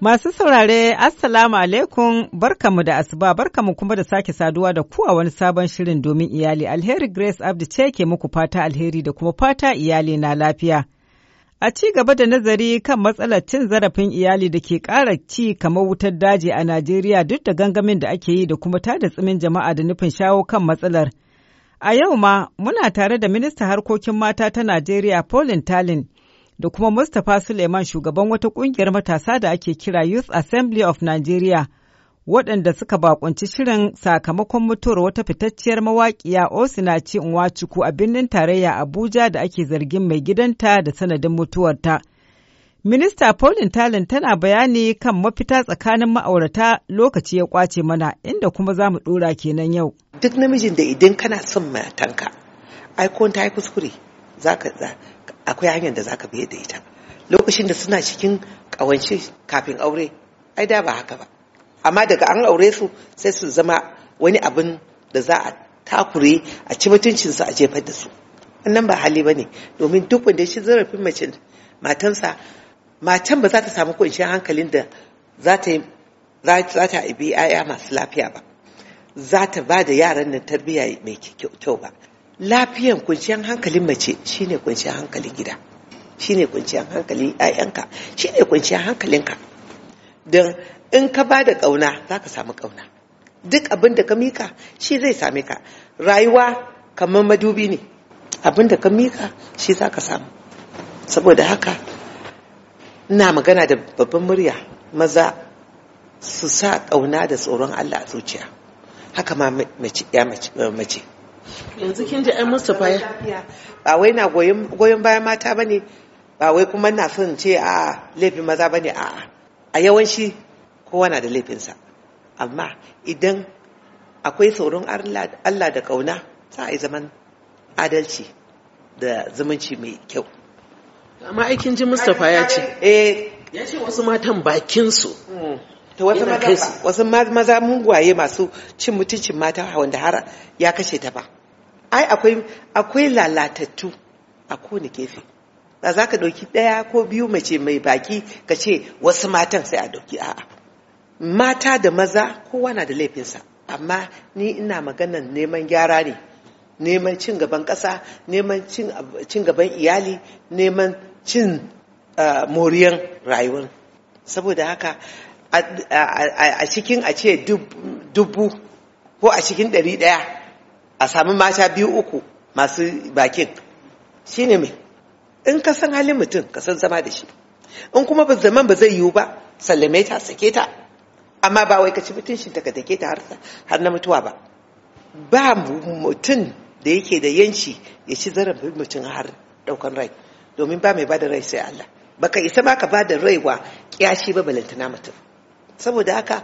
Masu saurare, Assalamu alaikum, barkamu da asuba, barkamu kuma da sake saduwa da ku a wani sabon shirin domin iyali. Alheri Grace Abdi ce ke muku fata alheri da kuma fata iyali na lafiya. A ci gaba da nazari kan matsalar cin zarafin iyali da ke ƙara ci kamar wutar daji a Najeriya duk da gangamin da ake yi da kuma tada tsimin jama'a da nufin shawo kan matsalar. A yau ma muna tare da Minista harkokin mata ta Najeriya Pauline Tallinn. da kuma Mustapha Suleiman shugaban wata kungiyar matasa da ake kira Youth Assembly of Nigeria waɗanda suka bakunci shirin sakamakon mutuwar wata fitacciyar mawaƙiya Osinachi Nwachukwu a birnin tarayya Abuja da ake zargin mai gidanta da sanadin mutuwarta. Minista Paulin Talin tana bayani kan mafita tsakanin ma'aurata lokaci ya kwace mana inda kuma za mu ɗora kenan yau. Duk namijin da idan kana son matanka, ai ta yi kuskure akwai hanyar da za ka da ita lokacin da suna cikin ƙawance kafin aure ai da ba haka ba amma daga an aure su sai su zama wani abin da za a takure a ci mutuncinsu a jefar da su wannan ba hali ba ne domin duk wanda ya ci zarafin mace matansa matan ba za ta samu kwanciyar hankalin da za ta za ta ibi 'ya'ya masu lafiya ba za ta ba da yaran nan tarbiyya mai kyau ba lafiyan kunciyan hankalin mace shine kunciyan hankalin gida shine kunciyan hankalin 'ya'yanka shine kunciyan hankalinka don in ka ba da ƙauna za ka samu ƙauna duk abin da ka mika shi zai same ka rayuwa kamar madubi ne abin da ka mika shi za ka samu saboda haka ina magana da babban murya maza su sa ƙauna da tsoron allah a zuciya haka ma mace yanzu kin ji ai Mustapha ya ba wai na goyon bayan mata bane ba wai kuma na son ce a laifin maza bane a a yawanci kowa na da laifinsa amma idan akwai tsoron Allah da kauna za a yi zaman adalci da zumunci mai kyau amma aikin ji Mustapha ya ce eh ya ce wasu matan bakin su hmm. ta wasu maza wasu maza mungwaye masu cin mutuncin mata wanda har ya kashe ta ba ai akwai akwai lalatattu a kowane gefe ba za ka ɗauki ɗaya ko biyu mace mai baki ka ce wasu matan sai a ɗauki a'a mata da maza kowa na da laifinsa amma ni ina maganan neman gyara ne neman cin gaban ƙasa neman cin gaban iyali neman cin eh, moriyan rayuwar saboda haka a cikin a ce dubu ko a cikin ɗari ɗaya a sami mata biyu uku masu bakin shi ne mai in ka san halin mutum ka san zama da shi in kuma ba zaman ba zai yiwu ba sallame ta sake ta amma ba wai ka ci mutuncin ta ka take ta har na mutuwa ba ba mutum da yake da yanci ya ci zaren mutum har ɗaukan rai domin ba mai ba da rai sai Allah baka isa ma ka ba da rai wa kyashi ba balantana mutum saboda haka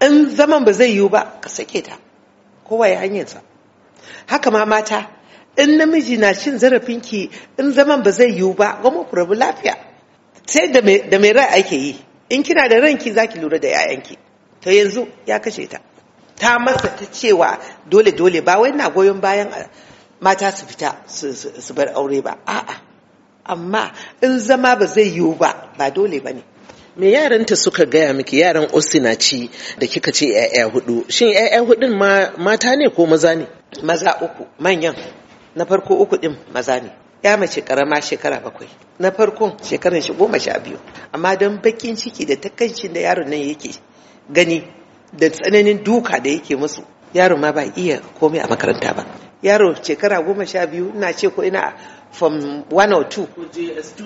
in zaman ba zai yiwu ba ka sake ta kowa ya hanyarsa haka ma mata in namiji na cin zarafinki in zaman ba zai yiwu ba goma ku rabu lafiya sai da mai rai ake yi in kina da ranki za ki lura da 'ya'yanki ta yanzu ya kashe ta ta masa ta cewa dole dole ba wai na goyon bayan ah, mata su fita su bar aure ba a'a amma in zama ba zai yiwu ba ba dole ba ne me yaranta suka gaya miki yaran ci da kika ce 'ya'ya hudu shin 'ya'ya hudun mata ne ko maza ne maza uku manyan na farko uku din maza ne ya mace karama shekara bakwai na farkon shekaran shi goma sha biyu amma don bakin ciki da takaicin da yaron nan yake gani da tsananin duka da yake musu yaron ma ba iya komai a makaranta ba Yaron shekara goma sha biyu ina ce ko ina from 102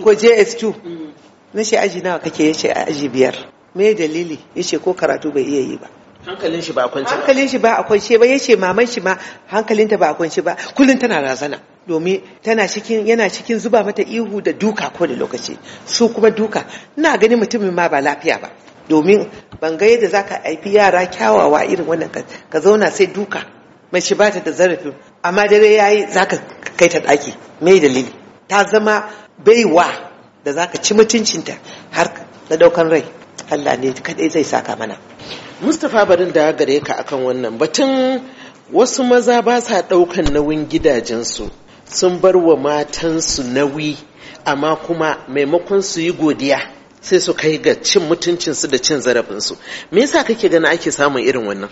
ko js2 na ce aji nawa kake ya ce aji biyar me dalili ya ce ko karatu bai iya yi ba hankalin shi ba a kwance hankalin shi ba a ba ya ce maman shi ma hankalinta ba a kwance ba kullum tana razana domin tana cikin yana cikin zuba mata ihu da duka ko da lokaci su kuma duka ina ganin mutumin ma ba lafiya ba domin ban ga yadda zaka haifi yara kyawawa irin wannan ka zauna sai duka mace ba ta da zarafin amma dare yayi zaka kai ta daki me dalili ta zama baiwa da za ka ci mutuncinta har na daukan rai Allah ne kadai zai saka mana Mustapha barin da gare ka akan wannan batun wasu maza ba sa daukan nauyin gidajensu sun bar wa matansu nauyi amma kuma maimakon su yi godiya sai su kai ga cin mutuncinsu da cin zarafinsu me yasa kake gana ake samun irin wannan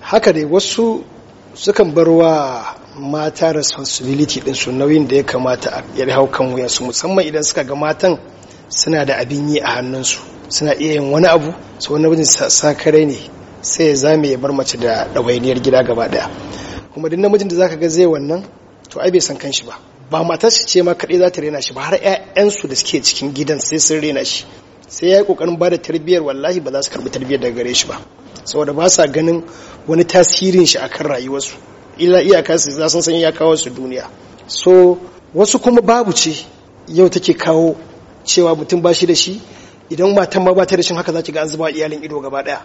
haka ne wasu sukan bar wa mata responsibility din su nauyin da ya kamata a ya hau kan wuyansu musamman idan suka ga matan suna da abin yi a hannunsu suna iya yin wani abu su wani wajen sakare ne sai ya zame ya bar mace da ɗawainiyar gida gaba ɗaya kuma duk namijin da zaka ga zai wannan to ai bai san kanshi ba ba matar su ce ma kaɗai za ta rena shi ba har 'ya'yansu da suke cikin gidan sai sun rena shi sai ya yi kokarin ba da tarbiyyar wallahi ba za su karbi tarbiyyar daga gare shi ba saboda ba sa ganin wani tasirin shi akan rayuwarsu illa iyaka za sun san ya kawo su duniya so wasu kuma babu ce yau take kawo cewa mutum ba shi da shi idan matan ma ba ta da shi haka za ki ga an zuba iyalin ido gaba daya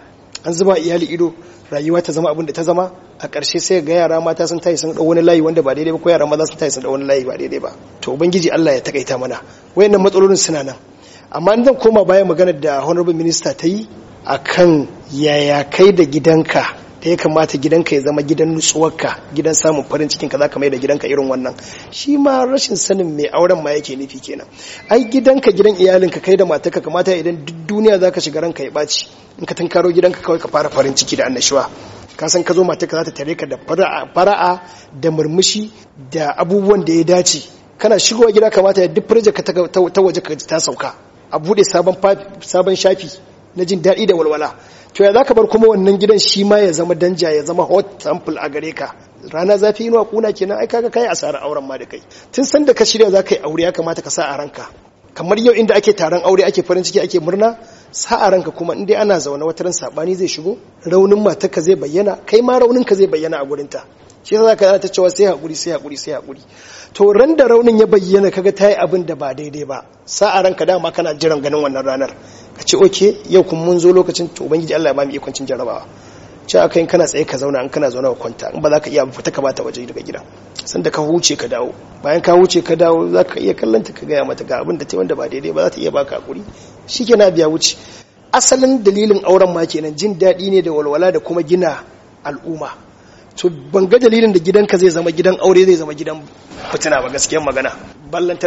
an zuba iyalin ido rayuwa ta zama abin da ta zama a ƙarshe sai ga yara mata sun tayi sun dau wani layi wanda ba daidai ba ko yara maza sun tayi sun dau wani layi ba daidai ba to ubangiji Allah ya takaita mana wayannan matsalolin suna nan amma in zan koma bayan maganar da honorable minister ta yi akan yaya kai da gidanka da ya kamata gidanka ya zama gidan nutsuwarka gidan samun farin cikin ka zaka mai da gidanka irin wannan shi ma rashin sanin mai auren ma yake nufi kenan ai gidanka gidan iyalinka kai da matarka kamata idan duk duniya zaka shiga ranka ya baci in ka tunkaro gidanka kawai ka fara farin ciki da annashuwa ka san ka zo matarka za ta tare ka da fara'a da murmushi da abubuwan da ya dace kana shigowa gida kamata ya duk ka ta waje ka ta sauka a bude sabon shafi na jin daɗi da walwala to ya zaka bar kuma wannan gidan shi ma ya zama danja ya zama hot sample a gare ka rana zafi yi nuwa kuna kenan ai kaga kai asarar auren ma da kai tun sanda ka shirya za ka yi aure ya kamata ka sa a ranka kamar yau inda ake taron aure ake farin ciki ake murna sa a ranka kuma inda ana zaune wata ran sabani zai shigo raunin matarka zai bayyana kai ma raunin ka zai bayyana a gurinta shi za ka ta cewa sai hakuri sai hakuri sai hakuri. to ran da raunin ya bayyana kaga ta yi abin da ba daidai ba sa'a ranka dama kana jiran ganin wannan ranar ka ce oke yau kun mun zo lokacin to ubangiji Allah ya bamu mu cin jarabawa ce aka yin kana tsaye ka zauna in kana zauna ka kwanta in ba za ka iya fita ka bata waje daga gida sanda ka huce ka dawo bayan ka huce ka dawo za ka iya kallanta ka gaya mata ga abin da ta wanda ba daidai ba za ta iya baka hakuri shi ke na biya wuce asalin dalilin auren ma kenan jin daɗi ne da walwala da kuma gina al'umma to ban ga dalilin da gidanka zai zama gidan aure zai zama gidan fitina ba gaskiyar magana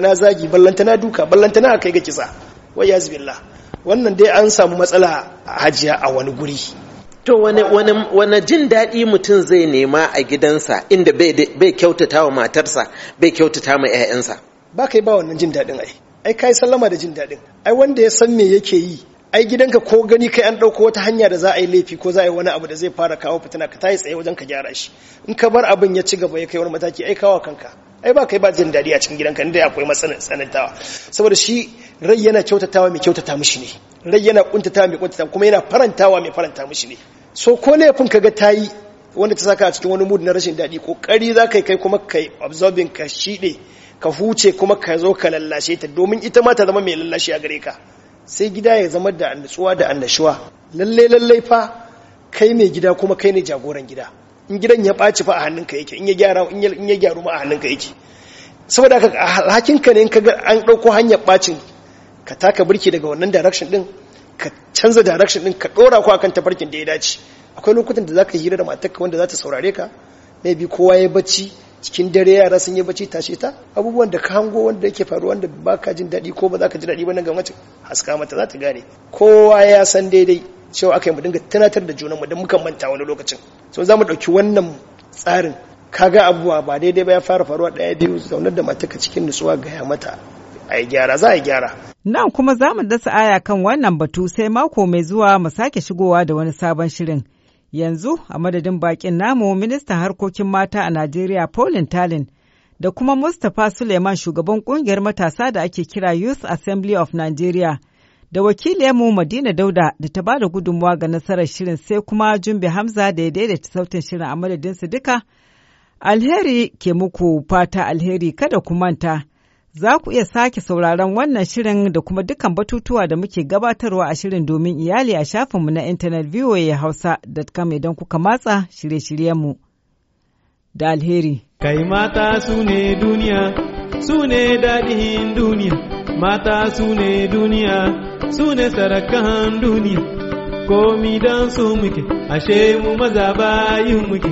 na zagi na duka na kai ga kisa wai ya wannan dai an samu matsala a hajiya a wani guri to wani jin daɗi mutum zai nema a gidansa inda bai kyautata wa matarsa bai kyautata ma 'ya'yansa ba kai ba wannan jin daɗin ai ai kai sallama da jin daɗin ai wanda ya san me yake yi ai gidanka ko gani kai an ɗauko wata hanya da za a yi laifi ko za a yi wani abu da zai fara kawo fitina ka tayi tsaye wajen ka gyara shi in ka bar abin ya ci gaba ya kai wani mataki ai kawo kanka ai ba kai ba jin daɗi a cikin gidanka inda akwai matsanantawa saboda shi rai yana kyautatawa mai kyautata mishi ne rai yana kuntatawa mai kuntata kuma yana farantawa mai faranta mishi ne so ko laifin kaga tayi wanda ta saka a cikin wani mood na rashin daɗi ƙoƙari za ka kai kuma kai absorbing ka shiɗe ka huce kuma ka zo ka lallashe ta domin ita ma ta zama mai lallashe a gare ka sai gida ya zama da annatsuwa da annashuwa lalle lalle fa kai mai gida kuma kai ne jagoran gida in gidan ya ɓaci fa a hannunka yake in ya gyara in ya gyaru ma a hannunka yake saboda haka ka ne in ka ga an ɗauko hanyar ɓacin ka taka birki daga wannan direction din ka canza direction din ka ɗora ku akan tafarkin da ya dace akwai lokutan da zaka hira da matarka wanda za ta saurare ka maybe kowa ya bacci cikin dare yara sun yi bacci tashe ta abubuwan da ka hango wanda yake faruwa da baka jin daɗi ko ba za ka ji daɗi ba nan ga mace haska mata za ta gane kowa ya san daidai cewa aka yi mu dinga tunatar da mu don muka manta wani lokacin so za mu ɗauki wannan tsarin kaga abubuwa ba daidai ba ya fara faruwa ɗaya biyu zaunar da mataka cikin nutsuwa gaya mata a gyara za a yi gyara. Nan kuma za mu dasa aya kan wannan batu sai mako mai zuwa mu sake shigowa da wani sabon shirin. yanzu a madadin bakin namu ministan harkokin mata a najeriya paulin talin da kuma mustapha suleiman shugaban kungiyar matasa da ake kira youth assembly of nigeria da wakiliyarmu madina dauda da ta bada gudunmawa ga nasarar shirin sai kuma jumbe hamza da ya daidaita sautin shirin a madadin su duka alheri ke muku fata alheri kada ku manta. Za ku iya sake sauraron wannan shirin da kuma dukkan batutuwa da muke gabatarwa a shirin domin iyali a shafinmu na intanet hausa.com idan kuka matsa shirye-shiryenmu. Da alheri. Kai mata su ne duniya, su ne daɗin duniya, mata su ne duniya, su ne sarakan duniya, komi don su muke, ashe mu maza bayin muke.